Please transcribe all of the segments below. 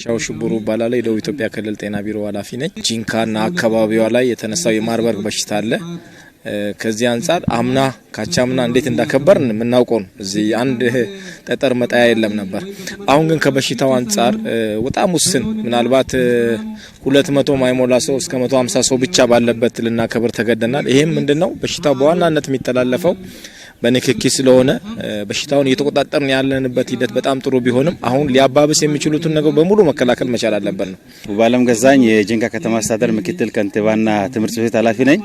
ሻው ሽቡሩ እባላለሁ የደቡብ ኢትዮጵያ ክልል ጤና ቢሮ ኃላፊ ነኝ። ጂንካና አካባቢዋ ላይ የተነሳው የማርበርግ በሽታ አለ። ከዚህ አንጻር አምና ካቻምና እንዴት እንዳከበርን የምናውቀው ነው። እዚህ አንድ ጠጠር መጣያ የለም ነበር። አሁን ግን ከበሽታው አንጻር በጣም ውስን ምናልባት ሁለት መቶ ማይሞላ ሰው እስከ መቶ ሀምሳ ሰው ብቻ ባለበት ልናከብር ተገደናል። ይህም ምንድን ነው በሽታው በዋናነት የሚተላለፈው በንክኪ ስለሆነ በሽታውን እየተቆጣጠርን ያለንበት ሂደት በጣም ጥሩ ቢሆንም አሁን ሊያባብስ የሚችሉትን ነገር በሙሉ መከላከል መቻል አለበት ነው። በአለም ገዛኝ የጂንካ ከተማ አስተዳደር ምክትል ከንቲባና ትምህርት ቤት ኃላፊ ነኝ።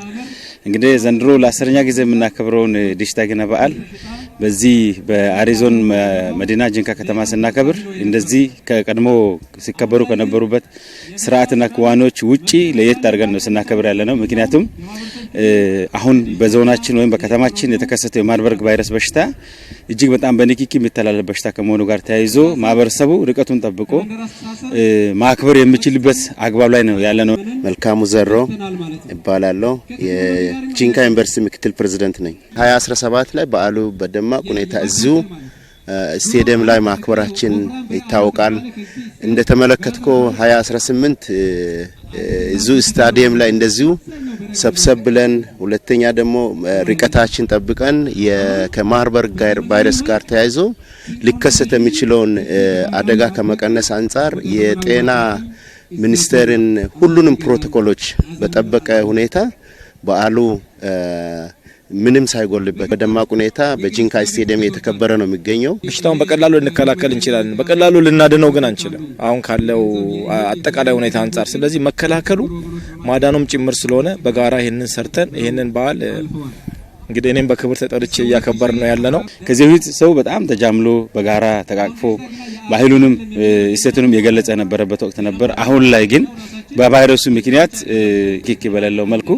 እንግዲህ ዘንድሮ ለአስረኛ ጊዜ የምናከብረውን ዲሽታ ግነ በዓል በዚህ በአሪዞን መዲና ጂንካ ከተማ ስናከብር እንደዚህ ከቀድሞ ሲከበሩ ከነበሩበት ስርዓትና ክዋኔዎች ውጪ ለየት አድርገን ነው ስናከብር ያለ ነው። ምክንያቱም አሁን በዞናችን ወይም በከተማችን የተከሰተው የማርበርግ ቫይረስ በሽታ እጅግ በጣም በንክኪ የሚተላለፍ በሽታ ከመሆኑ ጋር ተያይዞ ማህበረሰቡ ርቀቱን ጠብቆ ማክበር የሚችልበት አግባብ ላይ ነው ያለ ነው። መልካሙ ዘሮ እባላለሁ። የጂንካ ዩኒቨርሲቲ ምክትል ፕሬዚደንት ነኝ። 2017 ላይ በዓሉ በደማቅ ሁኔታ እዚሁ ስቴዲየም ላይ ማክበራችን ይታወቃል። እንደተመለከትኮ 2018 እዚሁ ስታዲየም ላይ እንደዚሁ ሰብሰብ ብለን ሁለተኛ ደግሞ ርቀታችን ጠብቀን ከማርበርግ ቫይረስ ጋር ተያይዞ ሊከሰት የሚችለውን አደጋ ከመቀነስ አንጻር የጤና ሚኒስቴርን ሁሉንም ፕሮቶኮሎች በጠበቀ ሁኔታ በዓሉ ምንም ሳይጎልበት በደማቅ ሁኔታ በጂንካ ስቴዲየም እየተከበረ ነው የሚገኘው። በሽታውን በቀላሉ ልንከላከል እንችላለን። በቀላሉ ልናድነው ግን አንችልም፣ አሁን ካለው አጠቃላይ ሁኔታ አንጻር። ስለዚህ መከላከሉ ማዳኑም ጭምር ስለሆነ በጋራ ይህንን ሰርተን ይህንን በዓል እንግዲህ እኔም በክብር ተጠርቼ እያከበር ነው ያለ ነው። ከዚህ በፊት ሰው በጣም ተጃምሎ በጋራ ተቃቅፎ ባህሉንም እሴቱንም የገለጸ የነበረበት ወቅት ነበር። አሁን ላይ ግን በቫይረሱ ምክንያት ክክ በሌለው መልኩ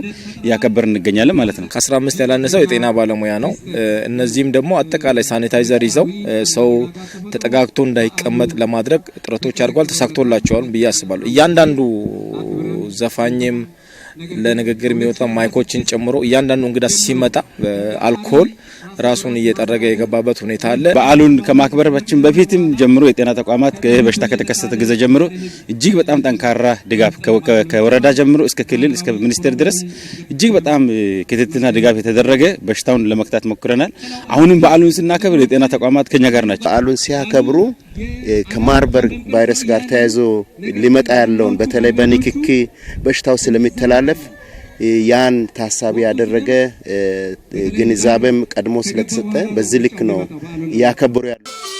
እያከበር እንገኛለን ማለት ነው ከአስራ አምስት ያላነሰው የጤና ባለሙያ ነው። እነዚህም ደግሞ አጠቃላይ ሳኒታይዘር ይዘው ሰው ተጠጋግቶ እንዳይቀመጥ ለማድረግ ጥረቶች አድርጓል። ተሳክቶላቸዋል ብዬ አስባለሁ። እያንዳንዱ ዘፋኝም ለንግግር የሚወጣ ማይኮችን ጨምሮ እያንዳንዱ እንግዳ ሲመጣ አልኮል ራሱን እየጠረገ የገባበት ሁኔታ አለ። በዓሉን ከማክበራችን በፊትም ጀምሮ የጤና ተቋማት በሽታ ከተከሰተ ጊዜ ጀምሮ እጅግ በጣም ጠንካራ ድጋፍ ከወረዳ ጀምሮ እስከ ክልል እስከ ሚኒስቴር ድረስ እጅግ በጣም ክትትልና ድጋፍ የተደረገ በሽታውን ለመክታት ሞክረናል። አሁንም በዓሉን ስናከብር የጤና ተቋማት ከኛ ጋር ናቸው። በዓሉን ሲያከብሩ ከማርበርግ ቫይረስ ጋር ተያይዞ ሊመጣ ያለውን በተለይ በንክኪ በሽታው ስለሚተላለፍ ያን ታሳቢ ያደረገ ግንዛቤም ቀድሞ ስለተሰጠ በዚህ ልክ ነው እያከበሩ ያሉ